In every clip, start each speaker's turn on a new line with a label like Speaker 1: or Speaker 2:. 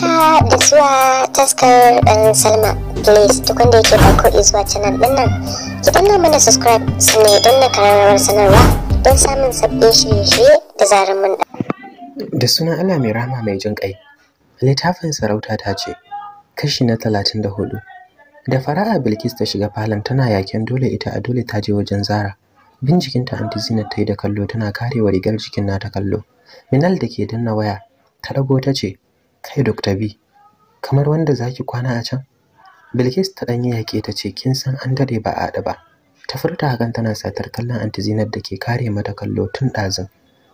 Speaker 1: haka ah, da zuwa taskar ɗan um, salma please duk wanda yake farko izuwa canal ɗin nan ki danna mana subscribe sannan don na kararrawar sanarwa don samun sabbin shirye-shirye da zarar mun da da sunan allah mai rama mai jin kai littafin sarauta ta ce kashi na talatin da hudu da fara'a bilkis ta shiga falon tana yaken dole ita a dole ta je wajen zara bincikinta anti zinat ta yi da kallo tana karewa rigar jikin nata kallo minal da ke danna waya ta ɗago ta ce kai Dr. B, kamar wanda zaki kwana a can? Bilkis ta ɗanyi yake ta ce kin san an dare ba a haɗu ba. Ta furta hakan tana satar kallon anti Zinat da ke kare mata kallo tun ɗazun.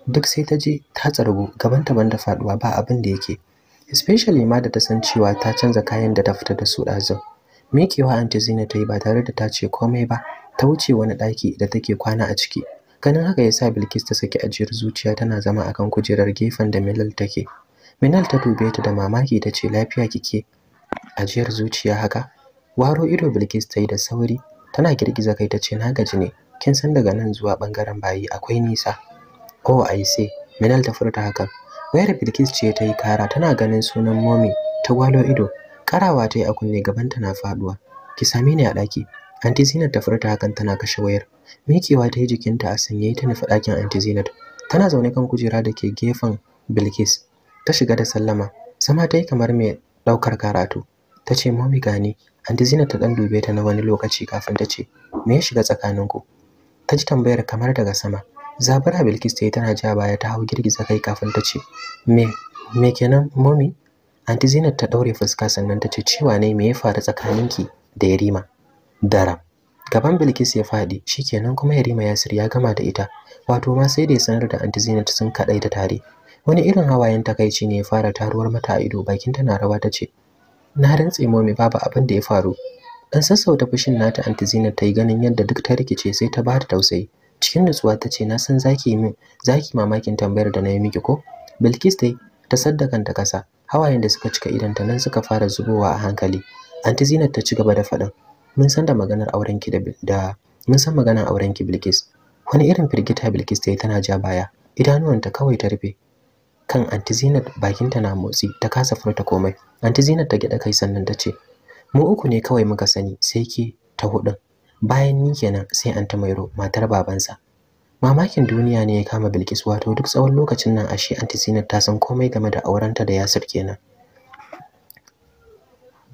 Speaker 1: Duk sai ta je ta tsargu ta banda faɗuwa ba abin da yake. Especially ma da ta san cewa ta canza kayan da ta fita da su ɗazun. Miƙewa anti Zinat ta yi ba tare da ta ce komai ba, ta wuce wani ɗaki da take kwana a ciki. Ganin haka ya sa Bilkis ta saki ajiyar zuciya tana zama akan kujerar gefen da Milal take. Minal ta dube ta da mamaki ta ce lafiya kike ajiyar zuciya haka. Waro ido Bilkis ta yi da sauri tana girgiza kai ta ce na gaji ne kin san daga nan zuwa bangaren bayi akwai nisa. Oh I see Minal ta furta haka. Wayar Bilkis ce ta yi kara tana ganin sunan Momi ta gwalo ido karawa ta yi a kunne gabanta na faduwa. Ki same ni a ɗaki. Anti Zinat ta furta hakan tana kashe wayar. Mikewa ta yi jikinta a sanye ta nufi ɗakin Anti Zinat. Tana zaune kan kujera da ke gefen Bilkis. ta shiga da sallama sama ta yi kamar mai ɗaukar karatu ta ce mami gani anti zina ta ɗan dube ta na wani lokaci kafin ta ce me ya shiga tsakaninku ta ji tambayar kamar daga sama zabara bilkis ta yi tana ja baya ta hau girgiza kai kafin ta ce me me kenan mami anti zina ta ɗaure fuska sannan ta ce cewa ne me ya faru tsakanin ki da yarima dara gaban bilkis ya faɗi shikenan kuma yarima yasir ya gama da ita wato ma sai da ya sanar da anti sun kaɗai da tare wani irin hawayen takaici ne ya fara taruwar mata a ido bakin tana rawa ta ce na rantse momi babu abin da ya faru dan sassauta fushin nata anti Zinat ta yi ganin yadda duk ta rikice sai ta bata tausayi cikin nutsuwa ta ce na san zaki min zaki mamakin tambayar da na yi miki ko Bilkis dai ta saddakan ta kasa hawayen da suka cika ta nan suka fara zubowa a hankali anti ta ci gaba da faɗin mun san da maganar aurenki da da mun san maganar aurenki Bilkis wani irin firgita Bilkis ta yi tana ja baya idanuwanta kawai ta rufe kan anti Zinat bakinta na motsi ta kasa furta komai anti Zinat ta gida kai sannan ta ce mu uku ne kawai muka sani sai ke ta hudun bayan ni kenan sai anti Mairo matar babansa mamakin duniya ne ya kama Bilkis wato duk tsawon lokacin nan ashe anti Zinat ta san komai game da aurenta da Yasir kenan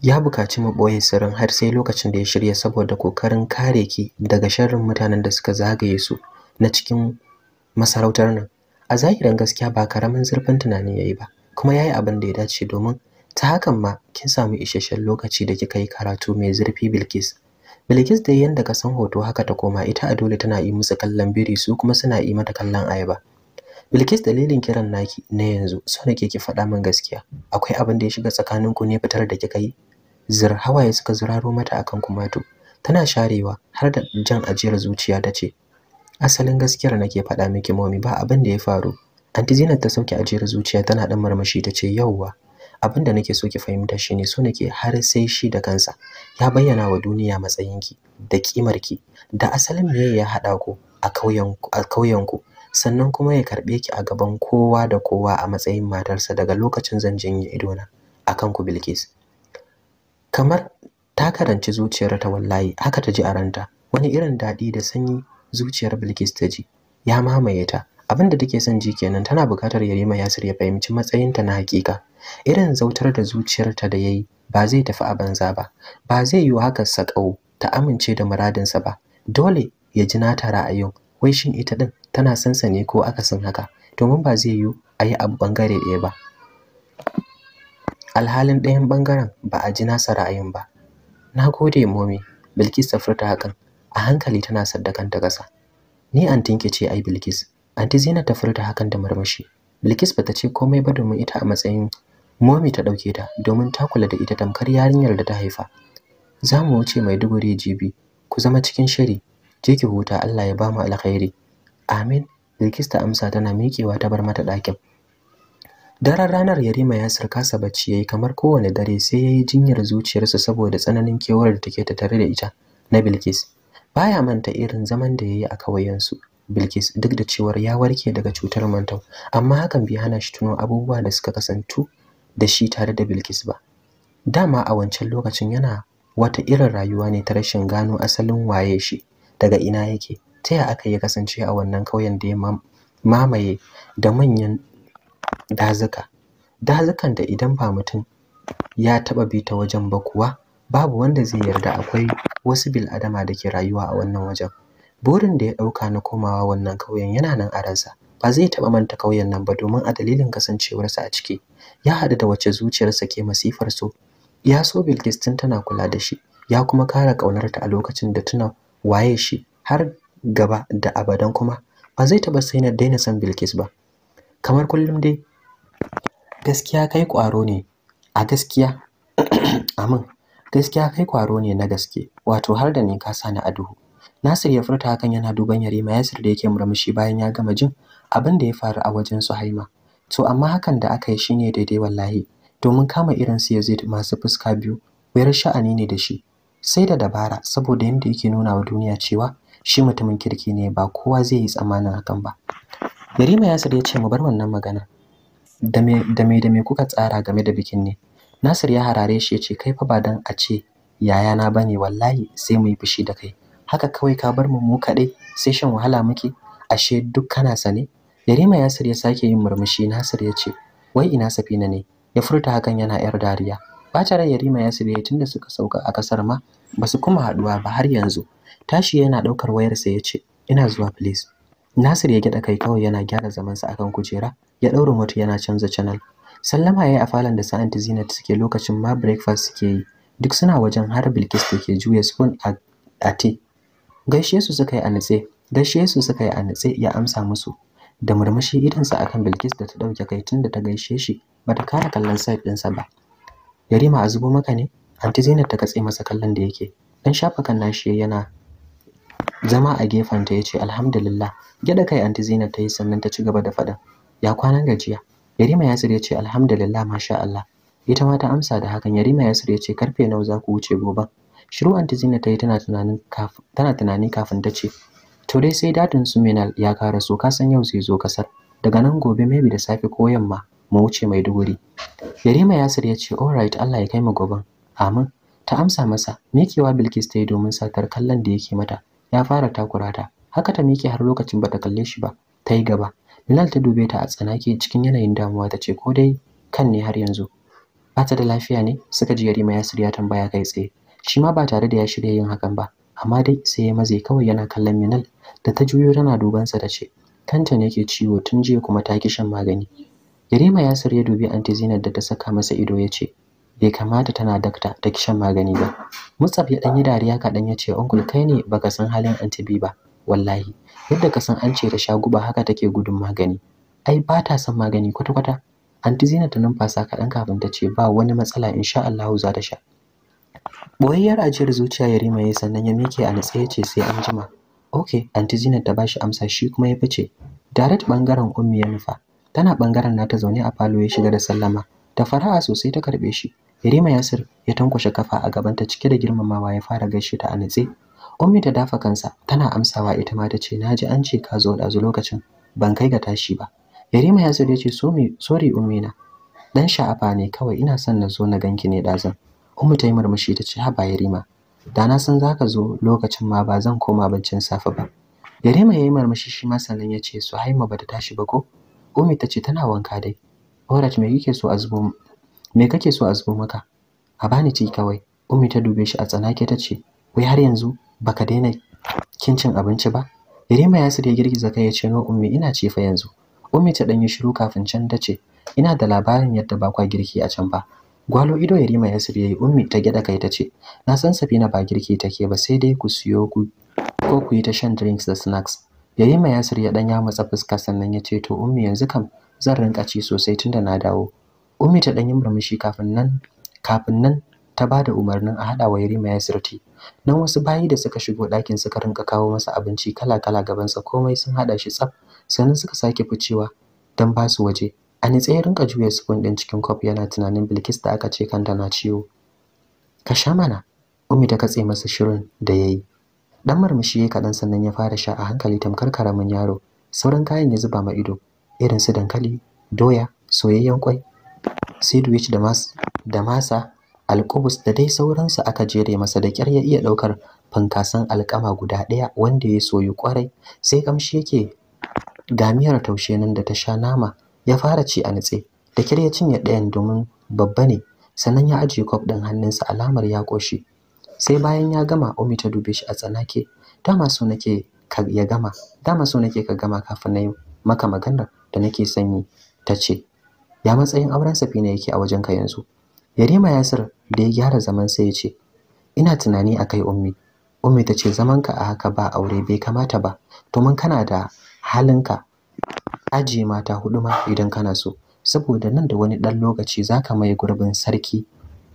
Speaker 1: ya bukaci mu boye sirrin har sai lokacin da ya shirya saboda kokarin kare ki daga sharrin mutanen da suka zagaye su na cikin masarautar nan a zahirin gaskiya ba karamin zurfin tunani yayi ba kuma yayi abin da ya dace domin ta hakan ma kin samu isasshen lokaci da kika yi karatu mai zurfi Bilkis Bilkis da yanda ka san hoto haka ta koma ita a dole tana yi musu kallon biri su kuma suna yi mata kallon ayaba Bilkis dalilin kiran naki na yanzu so nake ki faɗa min gaskiya akwai abin da ya shiga tsakanin ku ne fitar da kika yi zir hawaye suka zuraro mata akan kumatu tana sharewa har da jan ajiyar zuciya ta ce asalin gaskiyar nake faɗa miki momi ba abin da ya faru anti zinat ta sauke ajiyar zuciya tana dan marmashi ta ce yauwa abin da nake so ki fahimta shine so nake har sai shi da kansa ya bayyana wa duniya matsayinki da kimarki da asalin me ya haɗa ku a kauyen a kauyen ku sannan kuma ya karɓe ki a gaban kowa da kowa a matsayin matarsa daga lokacin zan janye na akan ku Bilkis kamar ta karanci zuciyar ta wallahi haka ta ji a ranta wani irin daɗi da sanyi zuciyar Bilkis ta ji ya mamaye ta abin da take son ji kenan tana buƙatar Yarima Yasir ya fahimci matsayinta na hakika irin zautar da zuciyarta da yayi ba zai tafi a banza ba ba zai yi haka sakau ta amince da muradinsa ba dole ya ji nata ra'ayin wai shin ita din tana sansane ko akasin haka domin ba zai yi a yi abu bangare ɗaya ba alhalin ɗayan bangaren ba a ji nasa ra'ayin ba na gode momi bilkis ta furta hakan a hankali tana saddakan ta ƙasa ni ke ce ai Bilkis anti Zainab ta furta hakan da murmushi. Bilkis bata ce komai ba domin ita a matsayin momi ta dauke ta domin ta kula da ita tamkar yarinyar da ta haifa za mu wuce mai duguri jibi ku zama cikin shiri je ki huta Allah ya bamu alkhairi amin Bilkis ta amsa tana miƙewa ta bar mata ɗakin Daren ranar Yarima ya kasa bacci yayi kamar kowane dare sai yayi jinyar zuciyarsa saboda tsananin kewar da take tattare da ita na Bilkis. baya manta irin zaman da yayi a kauyensu Bilkis duk da cewar ya warke daga cutar mantau amma hakan bai hana shi tuno abubuwa da suka kasantu da shi tare da Bilkis ba dama a wancan lokacin yana wata irin rayuwa ne ta rashin gano asalin waye shi daga ina yake ta ya aka yi kasance a wannan kauyen da ya mamaye da manyan dazuka dazukan da idan ba mutum ya taba bi ta wajen ba kuwa babu wanda zai yarda akwai wasu bil'adama da ke rayuwa a wannan wajen burin da ya ɗauka na komawa wannan kauyen yana nan a ransa ba zai taɓa manta kauyen nan ba domin a dalilin kasancewarsa a ciki ya haɗu da wacce zuciyarsa ke masifar so ya so bilkis tun tana kula da shi ya kuma kara ƙaunarta a lokacin da tuna waye shi har gaba da abadan kuma ba zai taɓa sai na daina san bilkis ba kamar kullum dai gaskiya kai ƙwaro ne a gaskiya amin gaskiya kai ƙwaro ne na gaske wato har da ni ka sani a duhu Nasir ya furta hakan yana duban Yarima Yasir da yake murmushi bayan ya gama jin abin da ya faru a wajen su Haima. To amma hakan da aka yi shine daidai wallahi domin kama irin su Yazid masu fuska biyu wayar sha'ani ne da shi. Sai da dabara saboda yanda yake nuna wa duniya cewa shi mutumin kirki ne ba kowa zai yi tsammanin hakan ba. Yarima Yasir ya ce mu bar wannan magana. Da me da me kuka tsara game da bikin ne? Nasir ya harare shi ya ce kai fa ba dan a ce Yaya yayana bane wallahi sai mu yi fushi da kai haka kawai ka bar mu mu kaɗai sai shan wahala muke ashe duk kana sane yarima yasir ya sake yin murmushi nasir ya ce wai ina safina ne ya furta hakan yana yar dariya Bata rai yarima yasir ya tunda suka sauka a kasar ma basu kuma haɗuwa ba har yanzu tashi yana ɗaukar wayarsa ya ce ina zuwa please nasir ya gida kai kawai yana gyara zaman sa akan kujera ya ɗaura mota yana canza channel sallama ya a falon da sa'anti zinat suke lokacin ma breakfast suke yi duk suna wajen har Bilkis da ke juya spoon a te. Gaishe su suka yi a nutse, gaishe su suka yi a nutse ya amsa musu da murmushi idansa akan Bilkis da ta dauke kai tun da ta gaishe shi ba ta kara kallon side ɗinsa ba. Yarima a zubo maka ne? Anti Zainab ta katse masa kallon da yake. Dan shafa kan shi yana zama a gefen ta yace, alhamdulillah gyada kai anti zainab ta yi sannan ta ci gaba da faɗa ya kwanan gajiya yarima yasir ya ce alhamdulillah masha allah ita ma ta amsa da hakan yarima yasir ya ce karfe nawa za ku wuce gobe shiru anti zina ta yi tana tunanin kafin tunani kafin ta ce to dai sai dadin su minal ya kara so ka san yau zai zo kasar daga nan gobe maybe da safe ko yamma mu wuce mai maiduguri yarima yasir ya ce alright allah ya kai mu gobe. amin ta amsa masa mikewa bilkis ta yi domin satar kallon da yake mata ya fara takurata. haka ta mike har lokacin bata kalle shi ba ta yi gaba milal ta dube ta a tsanake cikin yanayin damuwa ta ce ko dai kan ne har yanzu bata da lafiya ne suka ji yarima ya shirya tambaya kai tsaye shi ma ba tare da ya shirya yin hakan ba amma dai sai ya maze kawai yana kallon minal da ta juyo tana duban sa ce kanta ne yake ciwo tun jiya kuma ta ki shan magani yarima ya ya dubi anti zinar da ta saka masa ido ya ce bai kamata tana dakta ta ki shan magani ba mutsaf ya ɗan yi dariya kaɗan ya ce uncle kai ne baka san halin anti bi ba wallahi yadda ka san an ce ta sha guba haka take gudun magani ai ba ta son magani kwata-kwata anti zina ta numfasa kaɗan kafin ta ce ba wani matsala insha Allahu za ta sha boyayyar ajiyar zuciya ya rima yayi sannan ya mike a natsaye ce sai an jima okay anti zina ta bashi amsa shi kuma ya fice direct bangaren ummi ya nufa tana bangaren nata zaune a falo ya shiga da sallama da fara'a sosai ta karɓe shi Yarima Yasir ya tankwashe kafa a gabanta cike da girmamawa ya fara gaishe ta a natse Ummi ta dafa kansa tana amsawa ita ma ta ce naji an ce ka zo da lokacin ban kai ga tashi ba Yarima ya zo ya ce sorry na. dan sha'afa ne kawai ina son na zo na ganki ne dazan. Ummu ta yi murmushi ta ce haba Yarima da na san zaka zo lokacin ma ba zan koma bincin safe ba. Yarima ya yi murmushi shi ma sannan ya ce su haima ta tashi ba ko? Ummi ta ce tana wanka dai. Orat me kike so a me kake so a zubo maka? A bani ci kawai. Ummi ta dube shi a tsanake ta ce wai har yanzu baka daina kin cin abinci ba? Yarima ya sirya girgiza kai ya ce no ummi ina ci fa yanzu. Ummi ta ɗan shiru kafin can ta ce, ina da labarin yadda ba girki a can ba. Gwalo ido ya rima Yasir yayi Ummi ta gyada kai ta ce, na san Safina ba girki take ba sai dai ku siyo ku ko ku yi ta shan drinks da snacks. Yarima Yasir ya ɗan matsa fuska sannan ya ce to Ummi yanzu kam zan rinka ci sosai tunda na dawo. Ummi ta ɗanyi murmushi kafin nan kafin nan ta ba da umarnin a haɗa wa Yarima ya ti. Nan wasu bayi da suka shigo ɗakin suka rinka kawo masa abinci kala-kala gabansa komai sun haɗa shi tsaf sannan suka sake ficewa don ba su waje a nitse rinka juya spoon din cikin kwaf yana tunanin bilkis da aka ce kanta na ciwo ka sha mana umi ta katse masa shirin da ya yi dan marmashi ya kaɗan sannan ya fara sha a hankali tamkar karamin yaro sauran kayan ya zuba ma ido irin su dankali doya soyayyen kwai sandwich da mas da masa alkubus da dai sauransu aka jere masa da kyar ya iya ɗaukar fankasan alkama guda ɗaya wanda ya soyu kwarai sai kamshi yake Gamiyar taushe nan da ta sha nama ya fara ci a nitse da kyar ya cinye ɗayan domin babba ne sannan ya ajiye kwaf ɗin hannunsa alamar ya ƙoshi sai bayan ya gama umi ta dube shi a tsanake dama so nake ka ya gama dama so nake ka gama kafin na yi maka maganar da nake sanyi ta ce ya matsayin auren ne yake a wajenka yanzu yarima yasir da ya gyara zaman sai ya ce ina tunani a kai ummi ummi ta ce zaman ka a haka ba aure bai kamata ba to mun kana da halinka ajiye mata hudu ma idan kana so saboda nan da wani ɗan lokaci zaka maye gurbin sarki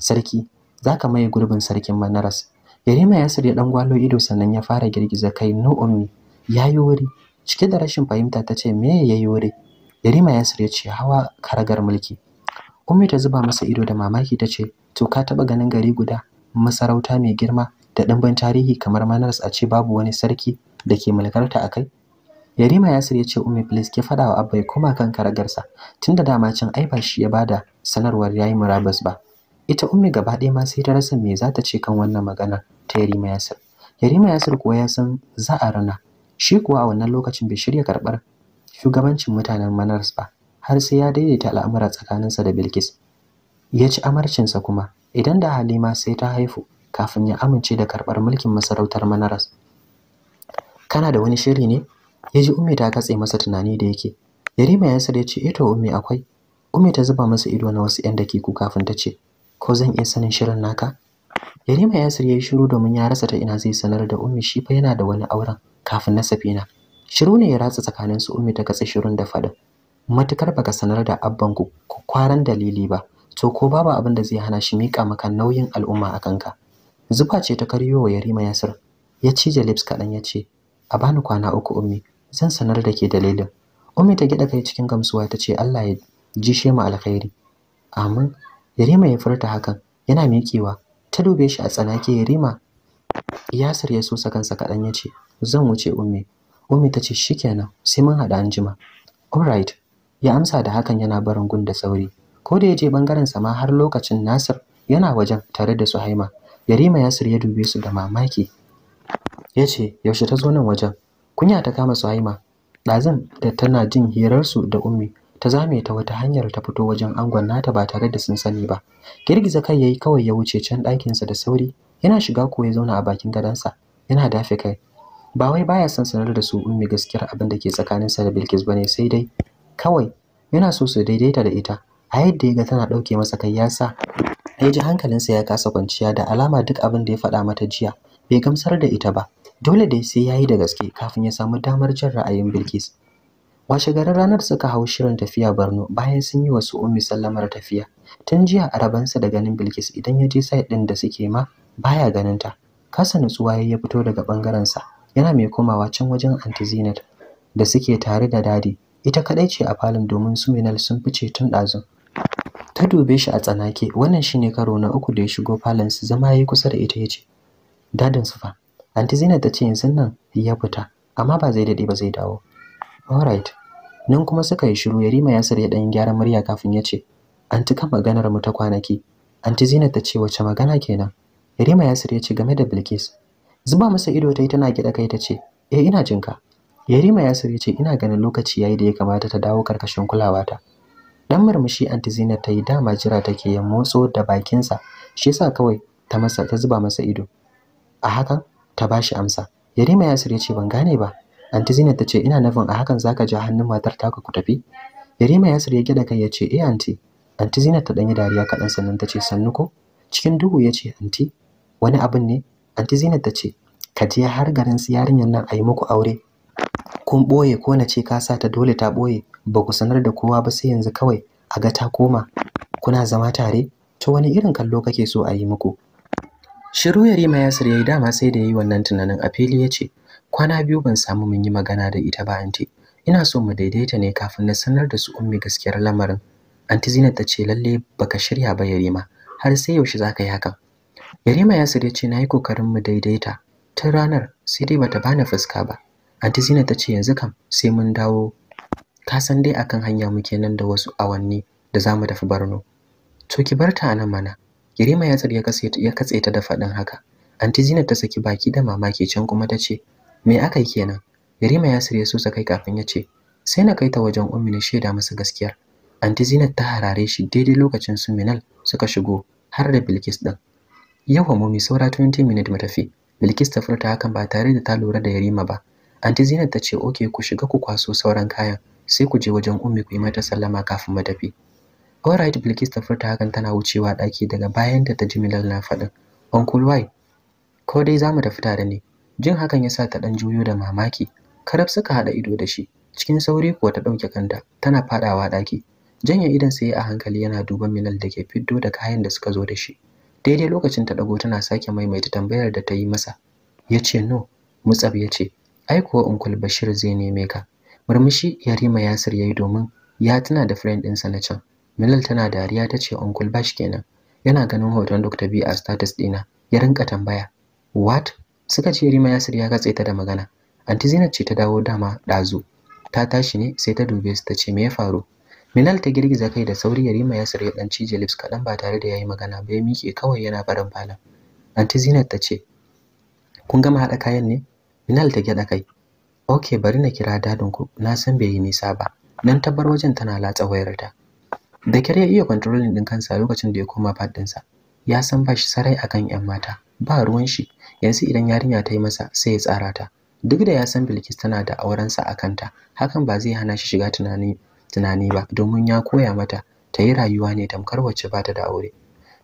Speaker 1: sarki zaka maye gurbin sarkin manaras yarima ya ya ɗan gwalo ido sannan ya fara girgiza kai no ummi ya yi wuri cike da rashin fahimta tace ce me yayi wuri yarima ya ya ce hawa karagar mulki ummi ta zuba masa ido da mamaki ta ce to ka taɓa ganin gari guda masarauta mai girma da ɗimbin tarihi kamar manaras a ce babu wani sarki da ke mulkarta a kai Yarima Yasir ya ce Ummi please ki faɗa wa Abba ya koma kan karagarsa tunda dama can ai ba shi ya bada sanarwar yayi murabus ba. Ita Ummi gaba ɗaya ma sai ta rasa me za ta ce kan wannan magana ta Yarima Yasir. Yarima Yasir kuwa ya san za a rana. Shi kuwa a wannan lokacin bai shirya karɓar shugabancin mutanen Manars ba har sai ya daidaita al'amura tsakaninsa da Bilkis. Ya ci amarcinsa kuma idan da Halima sai ta haifu kafin ya amince da karɓar mulkin masarautar Manaras. Kana da wani shiri ne? ya ji ummi ta katse masa tunani da yake yarima yasir ya ce ito eh ummi akwai ummi ta zuba masa ido na wasu 'yan ku kafin ta ce ko zan iya sanin shirin naka yarima yasir ya yi shiru domin ya rasa ta ina zai sanar da ummi shi fa yana da wani auren kafin na safina shiru ne ya ratsa tsakanin su ummi ta katse shirin da faɗin matukar baka sanar da abban ku kwaran dalili ba to ko babu abin da zai hana shi mika maka nauyin al'umma a kanka zufa ce ta karyo wa yarima yasir ya cije lips kaɗan ya ce a bani kwana uku ummi zan sanar da ke dalilin ummi ta gida kai cikin gamsuwa ta ce Allah ya ji she mu alkhairi amin yarima ya furta hakan yana miƙewa ta dube shi a tsanake yarima yasir ya sosa kansa kaɗan ya ce zan wuce ummi ummi ta ce shikenan sai mun haɗa anjima alright ya amsa da hakan yana barin gun da sauri ko da ya je bangaren sa ma har lokacin nasir yana wajen tare da suhaima yarima yasir ya dube su da mamaki ya ce yaushe ta zo nan wajen kunya ta kama suhaima ɗazan da tana jin hirarsu da ummi ta zame ta wata hanyar ta fito wajen angon nata ba tare da sun sani ba girgiza kai yayi kawai ya wuce can ɗakinsa da sauri yana shiga ko ya zauna a bakin gadansa yana dafe kai ba wai baya son sanar da su ummi gaskiyar abin da ke tsakaninsa da Bilkis ne sai dai kawai yana so su daidaita da ita a yadda ya ga tana ɗauke masa kai ya sa ya ji hankalinsa ya kasa kwanciya da alama duk abin da ya faɗa mata jiya bai gamsar da ita ba dole dai sai ya yi da gaske kafin ya samu damar jin ra'ayin bilkis washe garin ranar suka hau shirin tafiya borno bayan sun yi wasu ummi sallamar tafiya tun jiya a rabansa da ganin bilkis idan ya je site ɗin da suke ma baya ganin ta kasa nutsuwa ya fito daga sa yana mai komawa can wajen anti da suke tare da dadi ita kadai ce a falon domin su minal sun fice tun ɗazun ta dube shi a tsanake wannan shine karo na uku da ya shigo falon su zama yayi kusa da ita yace dadin su fa Anti Zainab ta ce yanzu nan ya fita, amma ba zai daɗe ba zai dawo. All right. Nan kuma suka yi shiru Yarima Yasir ya ɗan gyara murya kafin ya ce, "Anti ka maganar mu ta kwanaki." Anti Zainab ta ce wace magana kenan? Yarima Yasir ya ce game da Bilkis. Zuba masa ido ta yi tana gida kai ta ce, "Eh ina jinka." Yarima Yasir ya ce ina ganin lokaci yayi da ya kamata ta dawo karkashin kulawa ta. Dan murmushi Anti Zainab ta yi dama jira take ya motso da bakinsa, shi yasa kawai ta masa ta zuba masa ido. A hakan ta bashi amsa yarima yasir ya ce ban gane ba anti zinat ta ce ina nufin a hakan zaka ja hannun matar taka ku tafi yarima yasir ya gida kai ya ce eh anti anti zinat ta danyi dariya kaɗan sannan ta ce sannu ko cikin duhu ya ce anti wani abin ne anti zinat ta ce ka je har garin su yarinyar nan a yi muku aure kun ɓoye ko na ce ka sa ta dole ta ɓoye ba ku sanar da kowa ba sai yanzu kawai a ga ta koma kuna zama tare to wani irin kallo kake so a yi muku shiru yarima yasir ya dama sai da yayi yi wannan tunanin a fili ya ce kwana biyu ban samu mun yi magana da ita ba anti ina so mu daidaita ne kafin na sanar da su ummi gaskiyar lamarin anti zinat ta ce lalle baka shirya ba yarima har sai yaushe zaka yi hakan yarima yasir ya ce na yi kokarin mu daidaita Ta ranar sai dai bata bani fuska ba anti zinat ta ce yanzu kam sai mun dawo ka san dai akan hanya muke nan da wasu awanni da zamu tafi barno. to ki barta a nan mana Yarima ya katse ya katse ta da faɗin haka. Anti Zinat ta saki baki da mamaki can kuma ta ce, "Me aka yi kenan?" Yarima ya su sosa kai kafin ya ce, "Sai na kai ta wajen Ummi na shaida masa gaskiyar." Anti Zinat ta harare shi daidai lokacin su Minal suka shigo har da Bilkis din. Yawa mummi saura 20 minutes mu tafi. Bilkis ta furta hakan ba tare da ta lura da Yarima ba. Anti Zinat ta ce, "Okay, ku shiga ku kwaso sauran kayan, sai ku je wajen Ummi ku yi mata sallama kafin mu tafi." alright bilkis ta furta hakan tana wucewa ɗaki daga bayan da ta ji milal na faɗin uncle why ko dai zamu mu tafi tare ne jin hakan yasa ta ɗan juyo da mamaki karab suka haɗa ido da shi cikin sauri kuwa ta ɗauke kanta tana faɗawa ɗaki Janya idan sai a hankali yana duban milal da ke fiddo da kayan da suka zo da shi daidai lokacin ta ɗago tana sake maimaita tambayar da ta yi masa yace no mutsab yace ce ai kuwa Uncle bashir zai neme ka murmushi yarima yasir yayi domin ya tana da friend ɗinsa na can Milal tana dariya ta ce Uncle Bash kenan. Yana ganin hoton Dr. B a status dina, Ya rinka tambaya. What? Suka ce Rima Yasir ya katse ta da magana. Aunty Zainab ce ta dawo dama dazu Ta tashi ne sai ta dube su ta ce me ya faru? Milal ta girgiza kai da sauri Rima Yasir ya dan cije lips kaɗan ba tare da yayi magana ba ya miƙe kawai yana barin falon. Aunty Zainab ta ce kun gama haɗa kayan ne? Milal ta gyada kai. Okay, bari na kira dadin ku na san bai yi nisa ba. Nan tabbar wajen tana latsa wayarta. da kyar ya iya controlling din kansa lokacin da ya koma pad sa ya san ba shi sarai akan yan mata ba ruwan shi yanzu idan yarinya ta yi masa sai ya tsara ta duk da ya san Bilkis tana da auren sa a kanta hakan ba zai hana shi shiga tunani tunani ba domin ya koya mata ta yi rayuwa ne tamkar wacce ba ta da aure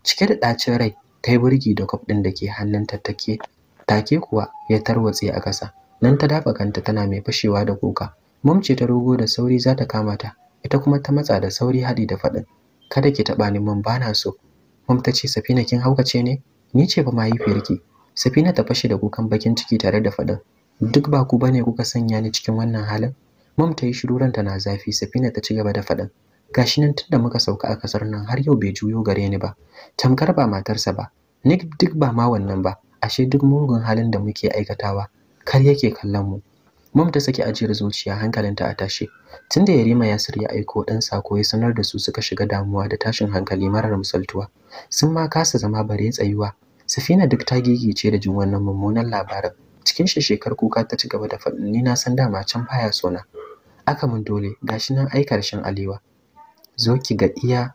Speaker 1: cike da ɗacin rai ta yi burgi da kwaf ɗin da ke hannunta take take kuwa ya tarwatse a kasa. nan ta dafa kanta tana mai fashewa da kuka mumce ta rogo da sauri za ta kama ta ita kuma ta matsa da sauri haɗi da faɗin kada ki taɓa ni mun bana so mum ta ce safina kin haukace ne ni ce fa firki. safina ta fashe da kukan bakin ciki tare da faɗin duk ba ku bane kuka sanya ni cikin wannan halin mum ta yi shiru ranta na zafi safina ta ci gaba da faɗin gashi nan tunda muka sauka a kasar nan har yau bai juyo gare ni ba tamkar ba matarsa ba ni duk ba ma wannan ba ashe duk mugun halin da muke aikatawa kar yake kallon mu Mamta ta saki ajiyar zuciya hankalinta a tashe. Tunda Yarima ya ya aiko dan sako ya sanar da su suka shiga damuwa da tashin hankali marar misaltuwa. Sun ma kasa zama bare tsayuwa. Safina duk ta gigice da jin wannan mummunan labarin. Cikin shi shekar kuka ta ci gaba da faɗin ni na san dama can baya sona. Aka mun dole gashi nan ai karshen alewa. Zo ki ga iya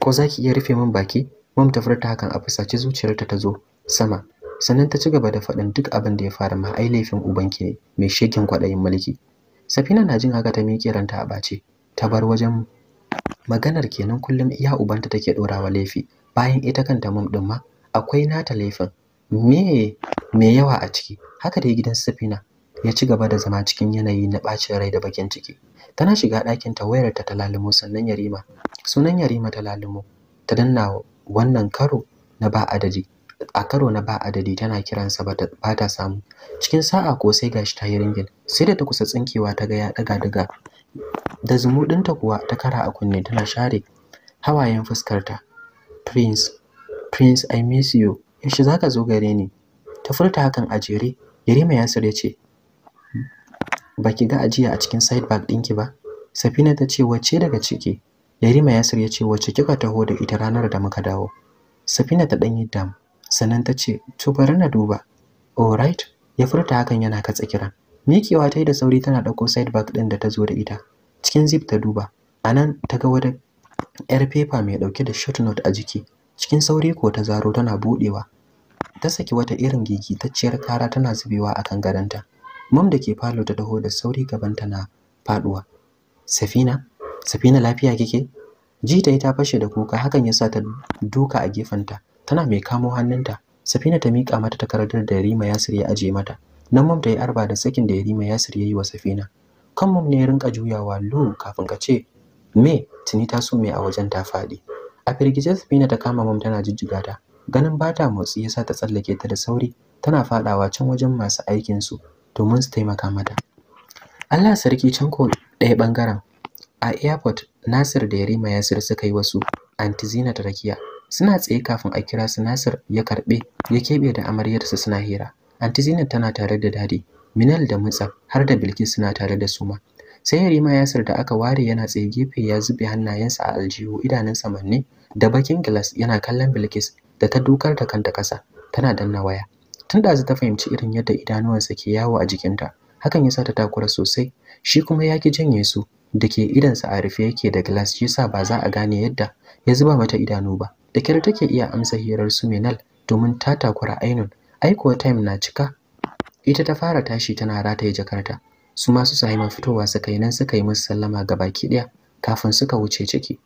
Speaker 1: ko zaki iya rufe min baki? Mamta ta furta hakan a fusace zuciyarta ta zo sama sannan ta ci gaba da faɗin duk abin da ya faru ma ai laifin ubanki ne mai shekin kwaɗayin mulki safina na jin haka ta miƙe ranta a ɓace ta bar wajen maganar kenan kullum iya ubanta take ɗorawa laifi bayan ita kanta mum ɗin ma akwai nata laifin me me yawa a ciki haka dai gidan safina ya ci gaba da zama cikin yanayi na ɓacin rai da bakin ciki tana shiga ɗakin ta wayar ta talalimo sannan yarima sunan yarima ta ta danna wannan karo na ba adadi a karo na ba adadi tana kiransa ba ta samu cikin sa'a ko sai gashi ta yi ringin sai da ta kusa tsinkewa ta ga ya daga daga da ɗinta kuwa ta kara a kunne tana share hawayen fuskarta prince prince i miss you yaushe zaka zo gare ni ta furta hakan a jere yarima yasir ya ce Ba ki ga ajiya a cikin side bag ɗinki ba safina ta ce wacce daga ciki yarima yasir ya ce wacce kika taho da ita ranar da muka dawo safina ta ɗanyi damu. sannan ta ce to bari na duba alright ya furta hakan yana katse kiran mikewa ta yi da sauri tana ɗauko side bag ɗin da ta zo da ita cikin zip ta duba a nan ta ga wata 'yar fefa mai ɗauke da short note a jiki cikin sauri ko ta zaro tana buɗewa ta saki wata irin gigitacciyar kara tana zubewa akan gadonta mom da ke falo ta taho da sauri gaban na faɗuwa. safina safina lafiya kike ji ta yi ta fashe da kuka hakan yasa ta duka a gefenta tana mai kamo hannunta safina ta mika mata takardar da yarima yasir ya aje mata nan mom ta yi arba da sakin da yarima yasir ya yi wa safina kan mom ne ya rinka juyawa lu kafin ka ce me tuni ta so me a wajen ta faɗi a firgice safina ta kama mom tana jijjiga ta ganin bata motsi yasa ta tsallake ta da sauri tana faɗawa can wajen masu aikin aikinsu domin su taimaka mata Allah sarki can ko ɗaya ɓangaren a airport Nasir da Yarima Yasir suka yi wasu anti Zina rakiya suna tsaye kafin a kira su Nasir ya karbe ya kebe da amaryarsa suna hira anti Zinat tana tare da dadi Minal da Mutsa har da Bilkis suna tare da su ma sai Yarima Yasir da aka ware yana tsaye gefe ya zube hannayensa a aljihu idanunsa manne da bakin glass yana kallon Bilkis da ta dukar da kanta kasa tana danna waya tun da ta fahimci irin yadda idanuwansa ke yawo a jikinta hakan ya sa ta takura sosai shi kuma ya ki janye su da ke idansa a rufe yake da glass shi yasa ba za a gane yadda ya zuba mata idanu ba da kyar take iya amsa hirar su menal domin ta takura ainun Aiko time na cika ita ta fara tashi tana rataye jakarta su masu su sami fitowa suka yi nan suka yi musu sallama ga baki daya kafin suka wuce ciki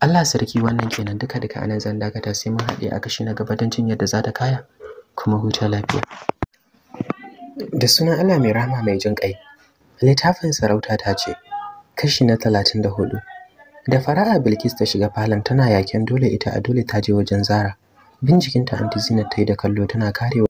Speaker 1: Allah sarki wannan kenan duka duka anan zan dakata sai mun haɗe a kashi na gaba don jin yadda za ta kaya kuma huta lafiya da sunan Allah mai rahama mai jin kai littafin sarauta ta ce kashi na talatin da 34 da fara'a bilkis ta shiga falon tana yaken dole ita a dole ta je wajen zara bincikinta anti zinat ta yi da kallo tana karewa